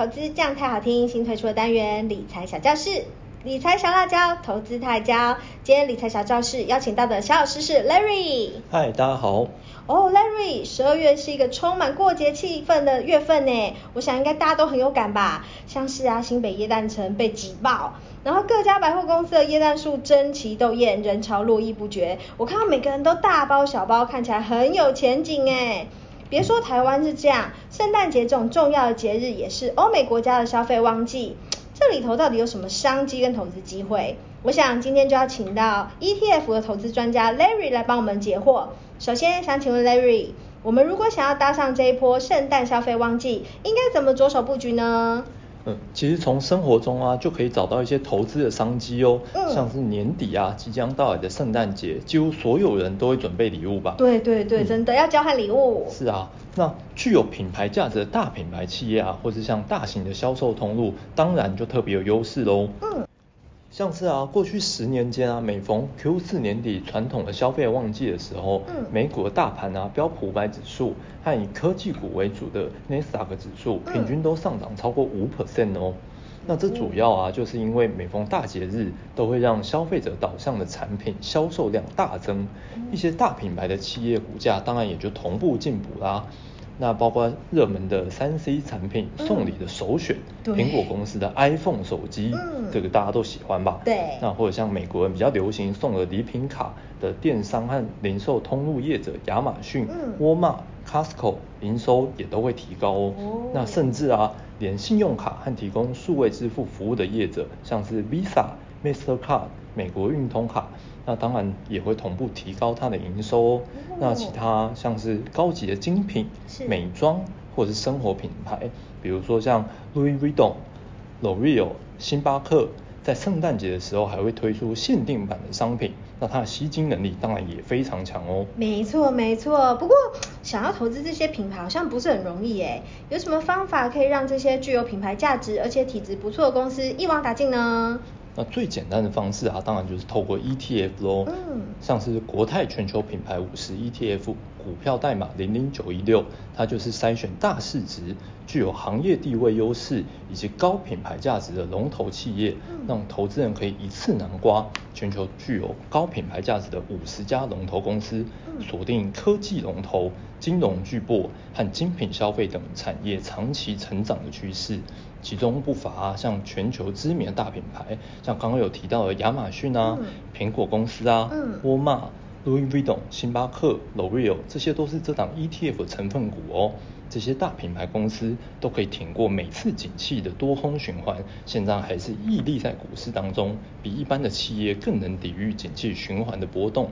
投資這樣泰好聽，新推出的單元理財小教室，理財小辣椒，投資泰椒。今天理財小教室邀請到的小老師是 Larry。嗨，大家好。哦、oh，Larry，十二月是一個充滿過節氣氛的月份呢，我想應該大家都很有感吧。像是啊新北耶誕城被擠爆，然後各家百貨公司的耶誕樹爭奇鬥豔，人潮絡繹不絕，我看到每個人都大包小包，看起來很有前景哎。別說台灣是這樣，聖誕節這種重要的節日也是歐美國家的消費旺季。這裡頭到底有什麼商機跟投資機會？我想今天就要請到 ETF 的投資專家 Larry 來幫我們解惑。首先想請問 Larry，我們如果想要搭上這一波聖誕消費旺季，應該怎麼着手布局呢？嗯，其實從生活中啊，就可以找到一些投資的商機哦。嗯。像是年底啊，即將到來的聖誕節，幾乎所有人都會準備禮物吧？對對對，嗯、真的要交換禮物、嗯。是啊，那具有品牌價值的大品牌企業啊，或是像大型的銷售通路，當然就特別有優勢嘍。嗯。像是啊，過去十年間啊，每逢 Q 四年底傳統的消費旺季的時候，美股的大盤啊，標普五百指數和以科技股為主的納斯達克指數，平均都上漲超過五 percent 哦。那這主要啊，就是因為每逢大節日，都會讓消費者導向的產品銷售量大增，一些大品牌的企業股價當然也就同步進補啦。那包括熱門的三 C 產品，送禮的首選，嗯、蘋果公司的 iPhone 手機，嗯、這個大家都喜歡吧？對，那或者像美國比較流行送的禮品卡的電商和零售通路業者，亞馬遜、沃爾瑪、oma, Costco 營收也都會提高哦。哦。那甚至啊，連信用卡和提供數位支付服務的業者，像是 Visa。Mastercard 美國運通卡，那當然也會同步提高它的營收。哦。哦，那其他像是高級的精品，是美妝或者是生活品牌，比如說像 Louis Vuitton、L'Oréal 星巴克，在聖誕節的時候還會推出限定版的商品，那它的吸金能力當然也非常強哦。沒錯，沒錯。不過想要投資這些品牌好像不是很容易誒。有什麼方法可以讓這些具有品牌價值而且體質不錯的公司一網打盡呢？那最簡單的方式啊，當然就是透過 ETF 嘍。嗯。像是國泰全球品牌五十 ETF，股票代碼零零九一六，它就是篩選大市值、具有行業地位優勢以及高品牌價值的龍頭企業，讓投資人可以一次囊括全球具有高品牌價值的五十家龍頭公司，鎖定科技龍頭、金融巨擘和精品消費等產業長期成長的趨勢。其中不乏、啊、像全球知名的大品牌，像剛剛有提到的亞馬遜啊、嗯、蘋果公司啊、沃爾瑪、oma、Louis Vuitton、星巴克、L'Oreal，這些都是這檔 ETF 成分股哦。這些大品牌公司都可以挺過每次景氣的多空循環，現在還是屹立在股市當中，比一般的企業更能抵禦景氣循環的波動。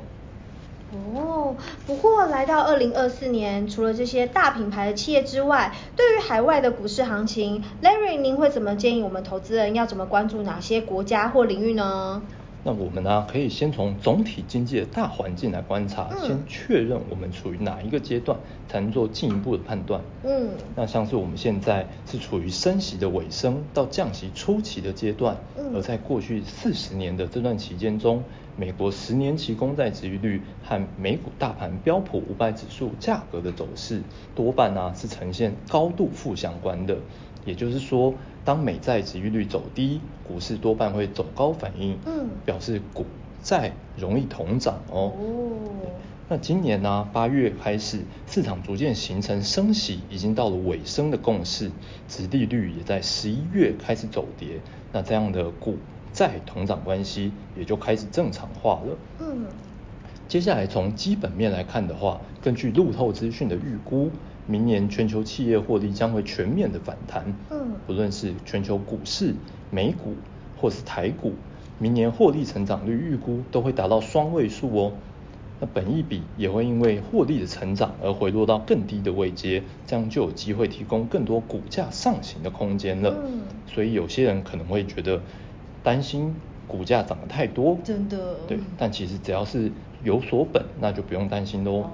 哦，oh, 不過來到二零二四年，除了這些大品牌的企業之外，對於海外的股市行情，Larry，您會怎麼建議我們投資人要怎麼關注哪些國家或領域呢？那我們呢、啊，可以先從總體經濟的大環境來觀察，先確認我們處於哪一個階段，才能做進一步的判斷。嗯，那像是我們現在是處於升息的尾聲到降息初期的階段，而在過去四十年的這段期間中，美國十年期公債殖利率和美股大盤標普五百指數價格的走勢，多半呢、啊、是呈現高度負相關的，也就是說，當美債殖利率走低，股市多半會走高反應，嗯，表示股債容易同漲哦。哦，那今年呢、啊，八月開始市場逐漸形成升息，已經到了尾聲的共識，殖利率也在十一月開始走跌，那這樣的股債同漲關係也就開始正常化了。嗯，接下來從基本面來看的話，根據路透資訊的預估。明年全球企業獲利將會全面的反彈，嗯，不論是全球股市、美股或是台股，明年獲利成長率預估都會達到雙位數哦。那本益比也會因為獲利的成長而回落到更低的位階，這樣就有機會提供更多股價上行的空間了。嗯，所以有些人可能會覺得擔心股價漲得太多，真的，嗯、對，但其實只要是有所本，那就不用擔心嘍。哦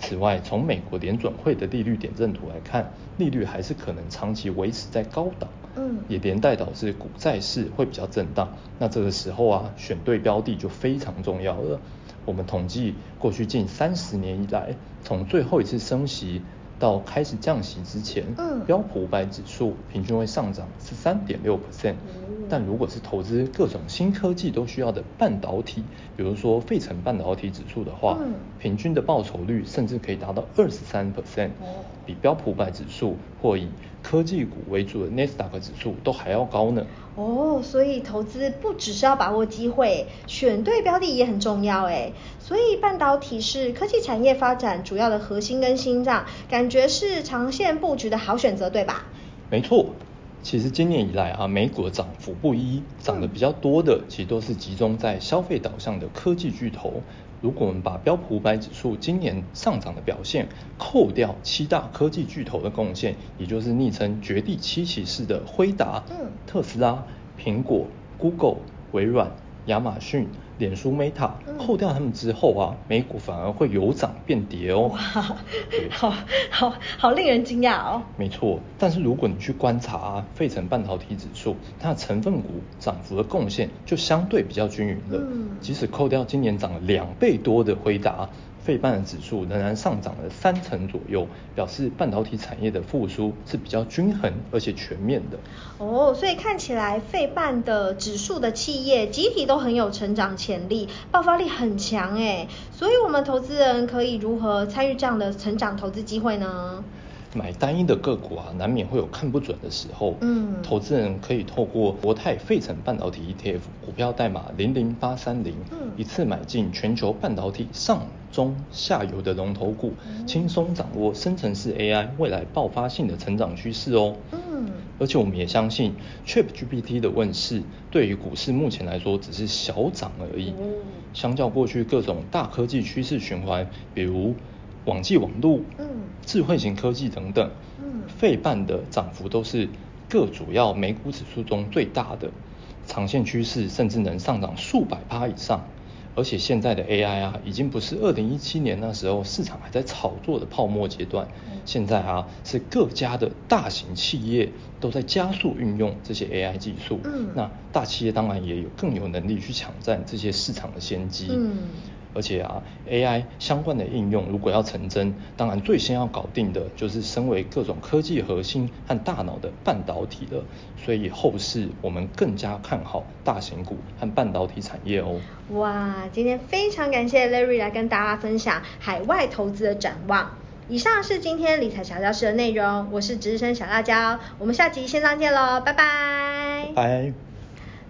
此外，從美國聯準會的利率點陣圖來看，利率還是可能長期維持在高檔，嗯，也連帶導致股債市會比較震盪。那這個時候啊，選對標的就非常重要了。我們統計過去近三十年以來，從最後一次升息到開始降息之前，嗯，標普五百指數平均會上漲十三點六 percent。嗯但如果是投資各種新科技都需要的半導體，比如說費城半導體指數的話，嗯、平均的報酬率甚至可以達到二十三 percent，比標普百指數或以科技股為主的 NASDAQ 指數都還要高呢。哦，所以投資不只是要把握機會，選對標的也很重要哎。所以半導體是科技產業發展主要的核心跟心臟，感覺是長線佈局的好選擇，對吧？沒錯。其實今年以來啊，美股的漲幅不一，漲得比較多的其實都是集中在消費導向的科技巨頭。如果我們把標普五百指數今年上漲的表現扣掉七大科技巨頭的貢獻，也就是昵稱“絕地七騎士”的輝達、特斯拉、蘋果、Google、微軟。亞馬遜、臉書 eta、嗯、Meta 扣掉他們之後啊，美股反而會由漲變跌哦。哇對好好好，好，令人驚訝哦。沒錯，但是如果你去觀察啊，費城半導體指數它的成分股漲幅的貢獻就相對比較均匀了。嗯、即使扣掉今年漲了兩倍多的輝達費半的指數仍然上漲了三成左右，表示半導體產業的復甦是比較均衡而且全面的。哦，oh, 所以看起來費半的指數的企業集體都很有成長潛力，爆發力很強哎。所以我們投資人可以如何參與這樣的成長投資機會呢？買單一的個股啊，難免會有看不準的時候。嗯，投資人可以透過國泰費城半導體 ETF 股票代碼零零八三零，一次買進全球半導體上中下游的龍頭股，嗯、輕鬆掌握生成式 AI 未來爆發性的成長趨勢哦。嗯，而且我們也相信 ChatGPT 的問世對於股市目前來說只是小漲而已。嗯，相較過去各種大科技趨勢循環，比如網際網路、智慧型科技等等，嗯，費半的漲幅都是各主要美股指數中最大的，長線趨勢甚至能上漲數百趴以上。而且現在的 AI 啊，已經不是二零一七年那時候市場還在炒作的泡沫階段，現在啊，是各家的大型企業都在加速運用這些 AI 技術，嗯、那大企業當然也有更有能力去搶占這些市場的先機，嗯而且啊，AI 相關的應用如果要成真，當然最先要搞定的就是身為各種科技核心和大腦的半導體了。所以後市我們更加看好大型股和半導體產業哦。哇，今天非常感謝 Larry 來跟大家分享海外投資的展望。以上是今天理財小教室的內容，我是值日生小辣椒，我們下集線上見嘍，拜拜。拜,拜。